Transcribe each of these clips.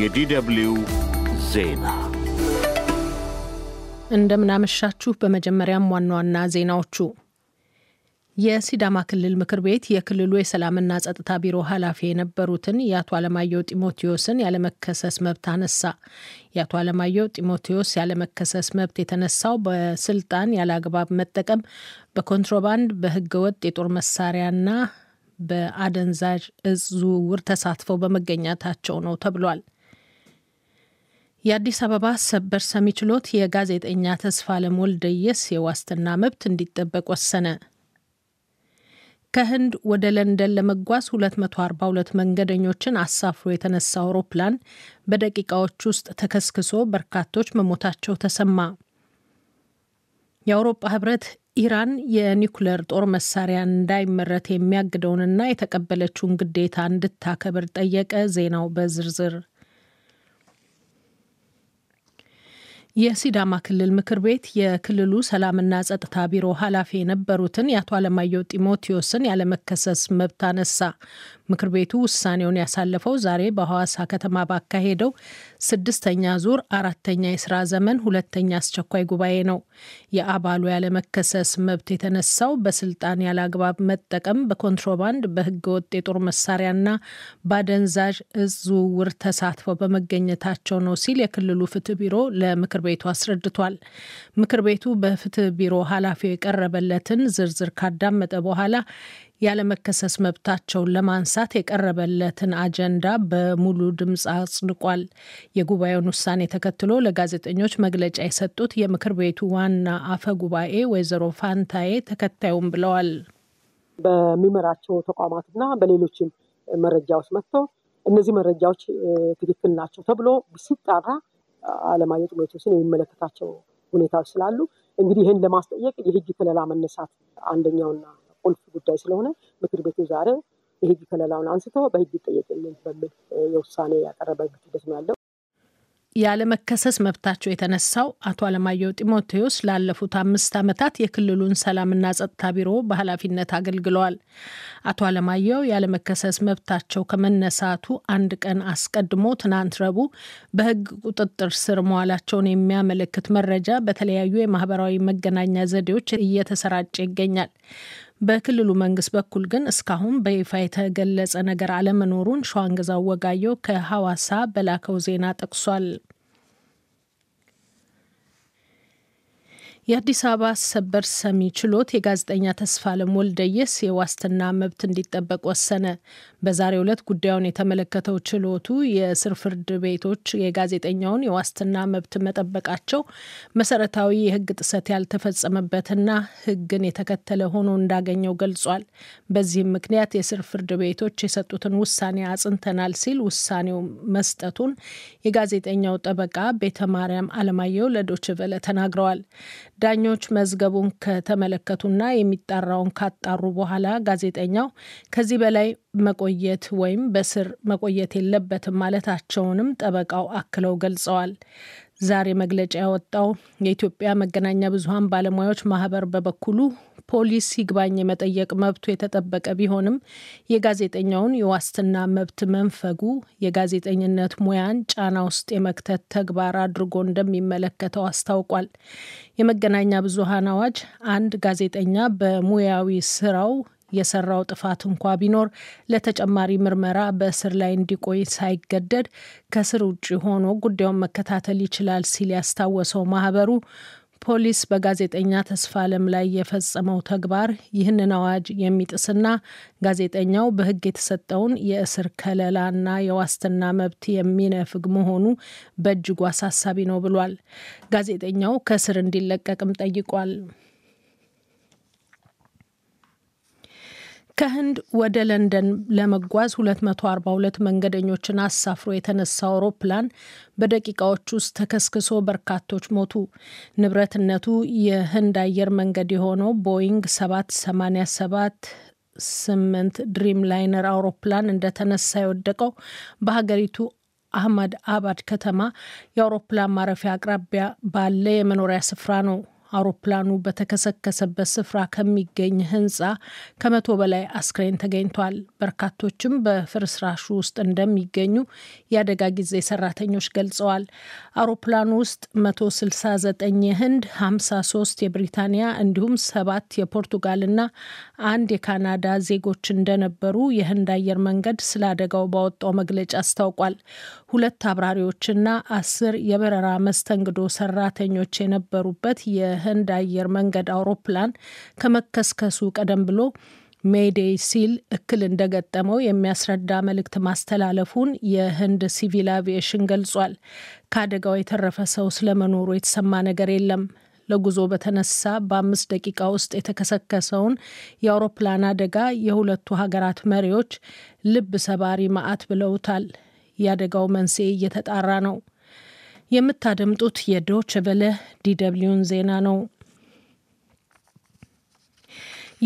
የዲደብልዩ ዜና እንደምናመሻችሁ። በመጀመሪያም ዋና ዋና ዜናዎቹ የሲዳማ ክልል ምክር ቤት የክልሉ የሰላምና ጸጥታ ቢሮ ኃላፊ የነበሩትን የአቶ አለማየሁ ጢሞቴዎስን ያለመከሰስ መብት አነሳ። የአቶ አለማየሁ ጢሞቴዎስ ያለመከሰስ መብት የተነሳው በስልጣን ያለአግባብ መጠቀም፣ በኮንትሮባንድ፣ በህገወጥ የጦር መሳሪያና በአደንዛዥ እጽ ዝውውር ተሳትፈው በመገኘታቸው ነው ተብሏል። የአዲስ አበባ ሰበር ሰሚ ችሎት የጋዜጠኛ ተስፋለም ወልደየስ የዋስትና መብት እንዲጠበቅ ወሰነ። ከህንድ ወደ ለንደን ለመጓዝ 242 መንገደኞችን አሳፍሮ የተነሳ አውሮፕላን በደቂቃዎች ውስጥ ተከስክሶ በርካቶች መሞታቸው ተሰማ። የአውሮፓ ህብረት ኢራን የኒውክለር ጦር መሳሪያ እንዳይመረት የሚያግደውንና የተቀበለችውን ግዴታ እንድታከብር ጠየቀ። ዜናው በዝርዝር የሲዳማ ክልል ምክር ቤት የክልሉ ሰላምና ጸጥታ ቢሮ ኃላፊ የነበሩትን የአቶ አለማየሁ ጢሞቴዎስን ያለመከሰስ መብት አነሳ። ምክር ቤቱ ውሳኔውን ያሳለፈው ዛሬ በሐዋሳ ከተማ ባካሄደው ስድስተኛ ዙር አራተኛ የስራ ዘመን ሁለተኛ አስቸኳይ ጉባኤ ነው። የአባሉ ያለመከሰስ መብት የተነሳው በስልጣን ያለአግባብ መጠቀም፣ በኮንትሮባንድ በህገወጥ የጦር መሳሪያና በአደንዛዥ እጽ ዝውውር ተሳትፈው በመገኘታቸው ነው ሲል የክልሉ ፍትህ ቢሮ ለምክር ቤቱ አስረድቷል። ምክር ቤቱ በፍትህ ቢሮ ኃላፊው የቀረበለትን ዝርዝር ካዳመጠ በኋላ ያለመከሰስ መብታቸውን ለማንሳት የቀረበለትን አጀንዳ በሙሉ ድምፅ አጽድቋል። የጉባኤውን ውሳኔ ተከትሎ ለጋዜጠኞች መግለጫ የሰጡት የምክር ቤቱ ዋና አፈ ጉባኤ ወይዘሮ ፋንታዬ ተከታዩም ብለዋል። በሚመራቸው ተቋማትና በሌሎችም መረጃዎች መጥተው እነዚህ መረጃዎች ትክክል ናቸው ተብሎ ሲጣራ አለማየሁ ጢሞቴዎስን የሚመለከታቸው ሁኔታዎች ስላሉ እንግዲህ ይህን ለማስጠየቅ የህግ ከለላ መነሳት አንደኛውና ቁልፍ ጉዳይ ስለሆነ ምክር ቤቱ ዛሬ የህግ ከለላውን አንስቶ በህግ ይጠየቅልን በሚል የውሳኔ ያቀረበበት ሂደት ነው ያለው። ያለመከሰስ መብታቸው የተነሳው አቶ አለማየሁ ጢሞቴዎስ ላለፉት አምስት ዓመታት የክልሉን ሰላምና ጸጥታ ቢሮ በኃላፊነት አገልግለዋል። አቶ አለማየሁ ያለመከሰስ መብታቸው ከመነሳቱ አንድ ቀን አስቀድሞ ትናንት ረቡዕ በሕግ ቁጥጥር ስር መዋላቸውን የሚያመለክት መረጃ በተለያዩ የማህበራዊ መገናኛ ዘዴዎች እየተሰራጨ ይገኛል። በክልሉ መንግስት በኩል ግን እስካሁን በይፋ የተገለጸ ነገር አለመኖሩን ሸዋንግዛው ወጋየው ከሐዋሳ በላከው ዜና ጠቅሷል። የአዲስ አበባ ሰበር ሰሚ ችሎት የጋዜጠኛ ተስፋለም ወልደየስ የዋስትና መብት እንዲጠበቅ ወሰነ። በዛሬው ዕለት ጉዳዩን የተመለከተው ችሎቱ የስር ፍርድ ቤቶች የጋዜጠኛውን የዋስትና መብት መጠበቃቸው መሰረታዊ የህግ ጥሰት ያልተፈጸመበትና ህግን የተከተለ ሆኖ እንዳገኘው ገልጿል። በዚህም ምክንያት የስር ፍርድ ቤቶች የሰጡትን ውሳኔ አጽንተናል ሲል ውሳኔው መስጠቱን የጋዜጠኛው ጠበቃ ቤተ ማርያም አለማየሁ ለዶችቨለ ተናግረዋል። ዳኞች መዝገቡን ከተመለከቱና የሚጣራውን ካጣሩ በኋላ ጋዜጠኛው ከዚህ በላይ መቆየት ወይም በስር መቆየት የለበትም ማለታቸውንም ጠበቃው አክለው ገልጸዋል። ዛሬ መግለጫ ያወጣው የኢትዮጵያ መገናኛ ብዙኃን ባለሙያዎች ማህበር በበኩሉ ፖሊስ ይግባኝ የመጠየቅ መብቱ የተጠበቀ ቢሆንም የጋዜጠኛውን የዋስትና መብት መንፈጉ የጋዜጠኝነት ሙያን ጫና ውስጥ የመክተት ተግባር አድርጎ እንደሚመለከተው አስታውቋል። የመገናኛ ብዙኃን አዋጅ አንድ ጋዜጠኛ በሙያዊ ስራው የሰራው ጥፋት እንኳ ቢኖር ለተጨማሪ ምርመራ በእስር ላይ እንዲቆይ ሳይገደድ ከስር ውጭ ሆኖ ጉዳዩን መከታተል ይችላል ሲል ያስታወሰው ማህበሩ ፖሊስ በጋዜጠኛ ተስፋ አለም ላይ የፈጸመው ተግባር ይህንን አዋጅ የሚጥስና ጋዜጠኛው በሕግ የተሰጠውን የእስር ከለላና የዋስትና መብት የሚነፍግ መሆኑ በእጅጉ አሳሳቢ ነው ብሏል። ጋዜጠኛው ከእስር እንዲለቀቅም ጠይቋል። ከህንድ ወደ ለንደን ለመጓዝ 242 መንገደኞችን አሳፍሮ የተነሳ አውሮፕላን በደቂቃዎች ውስጥ ተከስክሶ በርካቶች ሞቱ። ንብረትነቱ የህንድ አየር መንገድ የሆነው ቦይንግ 787 ስምንት ድሪም ላይነር አውሮፕላን እንደተነሳ የወደቀው በሀገሪቱ አህመድ አባድ ከተማ የአውሮፕላን ማረፊያ አቅራቢያ ባለ የመኖሪያ ስፍራ ነው። አውሮፕላኑ በተከሰከሰበት ስፍራ ከሚገኝ ህንፃ ከመቶ በላይ አስክሬን ተገኝቷል። በርካቶችም በፍርስራሹ ውስጥ እንደሚገኙ የአደጋ ጊዜ ሰራተኞች ገልጸዋል። አውሮፕላኑ ውስጥ 169 የህንድ፣ 53 የብሪታንያ እንዲሁም ሰባት የፖርቱጋልና አንድ የካናዳ ዜጎች እንደነበሩ የህንድ አየር መንገድ ስለ አደጋው ባወጣው መግለጫ አስታውቋል። ሁለት አብራሪዎችና አስር የበረራ መስተንግዶ ሰራተኞች የነበሩበት የ የህንድ አየር መንገድ አውሮፕላን ከመከስከሱ ቀደም ብሎ ሜይዴይ ሲል እክል እንደገጠመው የሚያስረዳ መልእክት ማስተላለፉን የህንድ ሲቪል አቪዬሽን ገልጿል። ከአደጋው የተረፈ ሰው ስለመኖሩ የተሰማ ነገር የለም። ለጉዞ በተነሳ በአምስት ደቂቃ ውስጥ የተከሰከሰውን የአውሮፕላን አደጋ የሁለቱ ሀገራት መሪዎች ልብ ሰባሪ መዓት ብለውታል። የአደጋው መንስኤ እየተጣራ ነው። የምታደምጡት የዶችቨለ ዲደብሊውን ዜና ነው።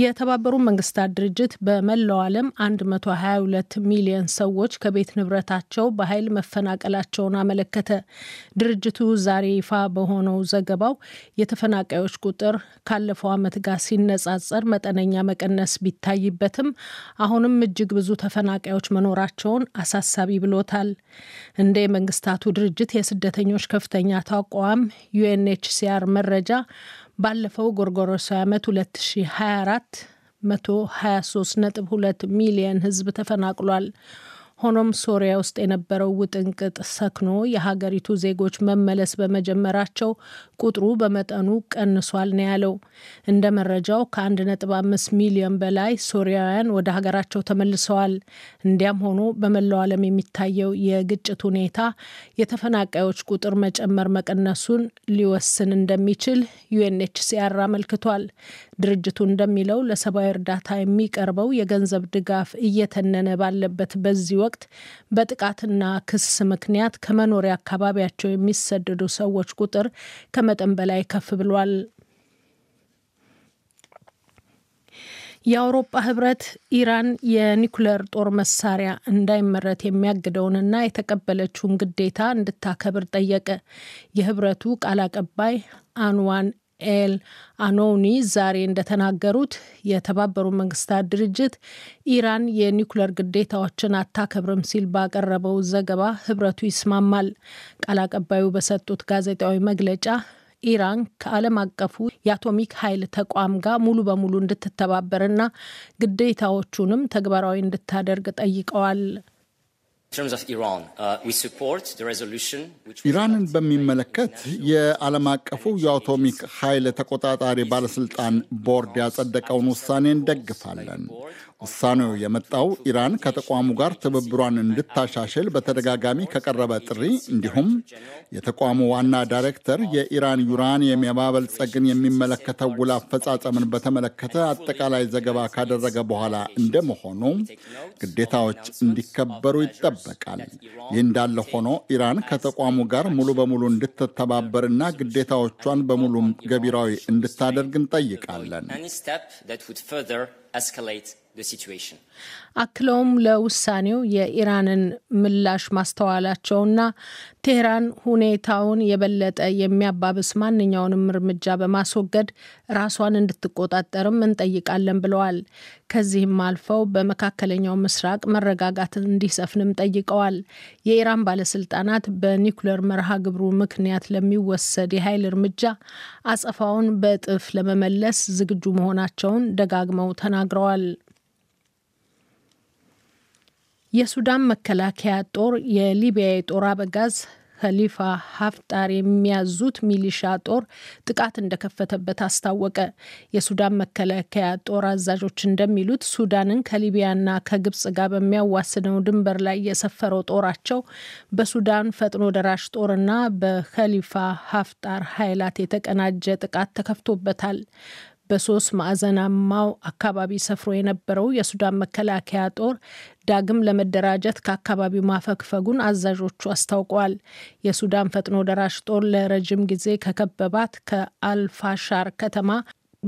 የተባበሩ መንግስታት ድርጅት በመላው ዓለም 122 ሚሊዮን ሰዎች ከቤት ንብረታቸው በኃይል መፈናቀላቸውን አመለከተ። ድርጅቱ ዛሬ ይፋ በሆነው ዘገባው የተፈናቃዮች ቁጥር ካለፈው ዓመት ጋር ሲነጻጸር መጠነኛ መቀነስ ቢታይበትም አሁንም እጅግ ብዙ ተፈናቃዮች መኖራቸውን አሳሳቢ ብሎታል። እንደ የመንግስታቱ ድርጅት የስደተኞች ከፍተኛ ተቋም ዩኤንኤችሲአር መረጃ ባለፈው ጎርጎሮሳዊ ዓመት 2024 123.2 ሚሊየን ህዝብ ተፈናቅሏል። ሆኖም ሶሪያ ውስጥ የነበረው ውጥንቅጥ ሰክኖ የሀገሪቱ ዜጎች መመለስ በመጀመራቸው ቁጥሩ በመጠኑ ቀንሷል ነው ያለው። እንደ መረጃው ከ1.5 ሚሊዮን በላይ ሶሪያውያን ወደ ሀገራቸው ተመልሰዋል። እንዲያም ሆኖ በመላው ዓለም የሚታየው የግጭት ሁኔታ የተፈናቃዮች ቁጥር መጨመር መቀነሱን ሊወስን እንደሚችል ዩኤንኤችሲአር አመልክቷል። ድርጅቱ እንደሚለው ለሰብአዊ እርዳታ የሚቀርበው የገንዘብ ድጋፍ እየተነነ ባለበት በዚህ ወቅት በጥቃትና ክስ ምክንያት ከመኖሪያ አካባቢያቸው የሚሰደዱ ሰዎች ቁጥር ከመጠን በላይ ከፍ ብሏል። የአውሮፓ ህብረት ኢራን የኒኩሌር ጦር መሳሪያ እንዳይመረት የሚያግደውንና የተቀበለችውን ግዴታ እንድታከብር ጠየቀ። የህብረቱ ቃል አቀባይ አንዋን ኤል አኖኒ ዛሬ እንደተናገሩት የተባበሩ መንግስታት ድርጅት ኢራን የኒውክለር ግዴታዎችን አታከብርም ሲል ባቀረበው ዘገባ ህብረቱ ይስማማል። ቃል አቀባዩ በሰጡት ጋዜጣዊ መግለጫ ኢራን ከዓለም አቀፉ የአቶሚክ ኃይል ተቋም ጋር ሙሉ በሙሉ እንድትተባበርና ግዴታዎቹንም ተግባራዊ እንድታደርግ ጠይቀዋል። Uh, ኢራንን በሚመለከት የዓለም አቀፉ የአቶሚክ ኃይል ተቆጣጣሪ ባለሥልጣን ቦርድ ያጸደቀውን ውሳኔ እንደግፋለን። ውሳኔው የመጣው ኢራን ከተቋሙ ጋር ትብብሯን እንድታሻሽል በተደጋጋሚ ከቀረበ ጥሪ እንዲሁም የተቋሙ ዋና ዳይሬክተር የኢራን ዩራኒየም የማበልጸግን የሚመለከተው ውል አፈጻጸምን በተመለከተ አጠቃላይ ዘገባ ካደረገ በኋላ እንደመሆኑ ግዴታዎች እንዲከበሩ ይጠበቃል። ይህ እንዳለ ሆኖ ኢራን ከተቋሙ ጋር ሙሉ በሙሉ እንድትተባበርና ግዴታዎቿን በሙሉም ገቢራዊ እንድታደርግ እንጠይቃለን። አክለውም ለውሳኔው የኢራንን ምላሽ ማስተዋላቸውና ቴህራን ሁኔታውን የበለጠ የሚያባብስ ማንኛውንም እርምጃ በማስወገድ ራሷን እንድትቆጣጠርም እንጠይቃለን ብለዋል። ከዚህም አልፈው በመካከለኛው ምስራቅ መረጋጋት እንዲሰፍንም ጠይቀዋል። የኢራን ባለስልጣናት በኒኩሌር መርሃ ግብሩ ምክንያት ለሚወሰድ የኃይል እርምጃ አጸፋውን በእጥፍ ለመመለስ ዝግጁ መሆናቸውን ደጋግመው ተናግረዋል። የሱዳን መከላከያ ጦር የሊቢያ የጦር አበጋዝ ከሊፋ ሀፍጣር የሚያዙት ሚሊሻ ጦር ጥቃት እንደከፈተበት አስታወቀ። የሱዳን መከላከያ ጦር አዛዦች እንደሚሉት ሱዳንን ከሊቢያና ከግብጽ ጋር በሚያዋስነው ድንበር ላይ የሰፈረው ጦራቸው በሱዳን ፈጥኖ ደራሽ ጦርና በከሊፋ ሀፍጣር ኃይላት የተቀናጀ ጥቃት ተከፍቶበታል። በሶስት ማዕዘናማው አካባቢ ሰፍሮ የነበረው የሱዳን መከላከያ ጦር ዳግም ለመደራጀት ከአካባቢው ማፈግፈጉን አዛዦቹ አስታውቀዋል። የሱዳን ፈጥኖ ደራሽ ጦር ለረጅም ጊዜ ከከበባት ከአልፋሻር ከተማ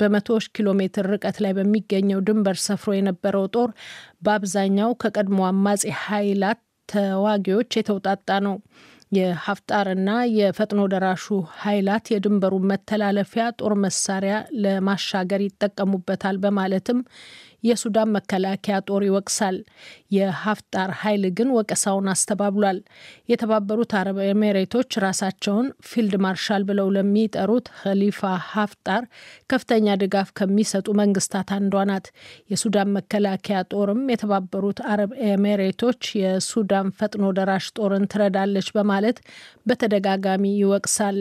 በመቶዎች ኪሎ ሜትር ርቀት ላይ በሚገኘው ድንበር ሰፍሮ የነበረው ጦር በአብዛኛው ከቀድሞ አማጺ ኃይላት ተዋጊዎች የተውጣጣ ነው። የሀፍጣርና የፈጥኖ ደራሹ ኃይላት የድንበሩን መተላለፊያ ጦር መሳሪያ ለማሻገር ይጠቀሙበታል በማለትም የሱዳን መከላከያ ጦር ይወቅሳል። የሀፍጣር ኃይል ግን ወቀሳውን አስተባብሏል። የተባበሩት አረብ ኤሜሬቶች ራሳቸውን ፊልድ ማርሻል ብለው ለሚጠሩት ኸሊፋ ሀፍጣር ከፍተኛ ድጋፍ ከሚሰጡ መንግስታት አንዷ ናት። የሱዳን መከላከያ ጦርም የተባበሩት አረብ ኤሜሬቶች የሱዳን ፈጥኖ ደራሽ ጦርን ትረዳለች በማለት በተደጋጋሚ ይወቅሳል።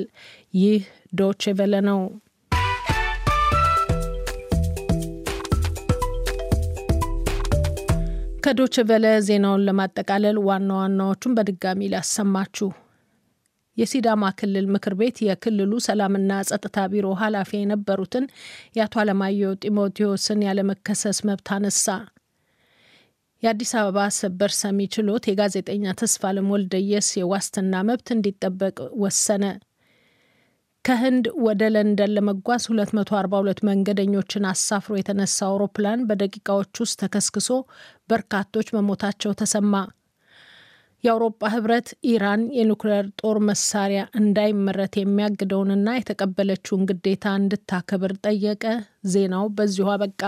ይህ ዶቼ ቬለ ነው። ከዶች ዜናውን ለማጠቃለል ዋና ዋናዎቹን በድጋሚ ላሰማችሁ። የሲዳማ ክልል ምክር ቤት የክልሉ ሰላምና ጸጥታ ቢሮ ኃላፊ የነበሩትን የአቶ አለማየሁ ጢሞቴዎስን ያለመከሰስ መብት አነሳ። የአዲስ አበባ ሰበር ሰሚ ችሎት የጋዜጠኛ ተስፋለም ወልደየስ የዋስትና መብት እንዲጠበቅ ወሰነ። ከህንድ ወደ ለንደን ለመጓዝ 242 መንገደኞችን አሳፍሮ የተነሳ አውሮፕላን በደቂቃዎች ውስጥ ተከስክሶ በርካቶች መሞታቸው ተሰማ። የአውሮፓ ህብረት ኢራን የኒኩሌር ጦር መሳሪያ እንዳይመረት የሚያግደውንና የተቀበለችውን ግዴታ እንድታከብር ጠየቀ። ዜናው በዚሁ አበቃ።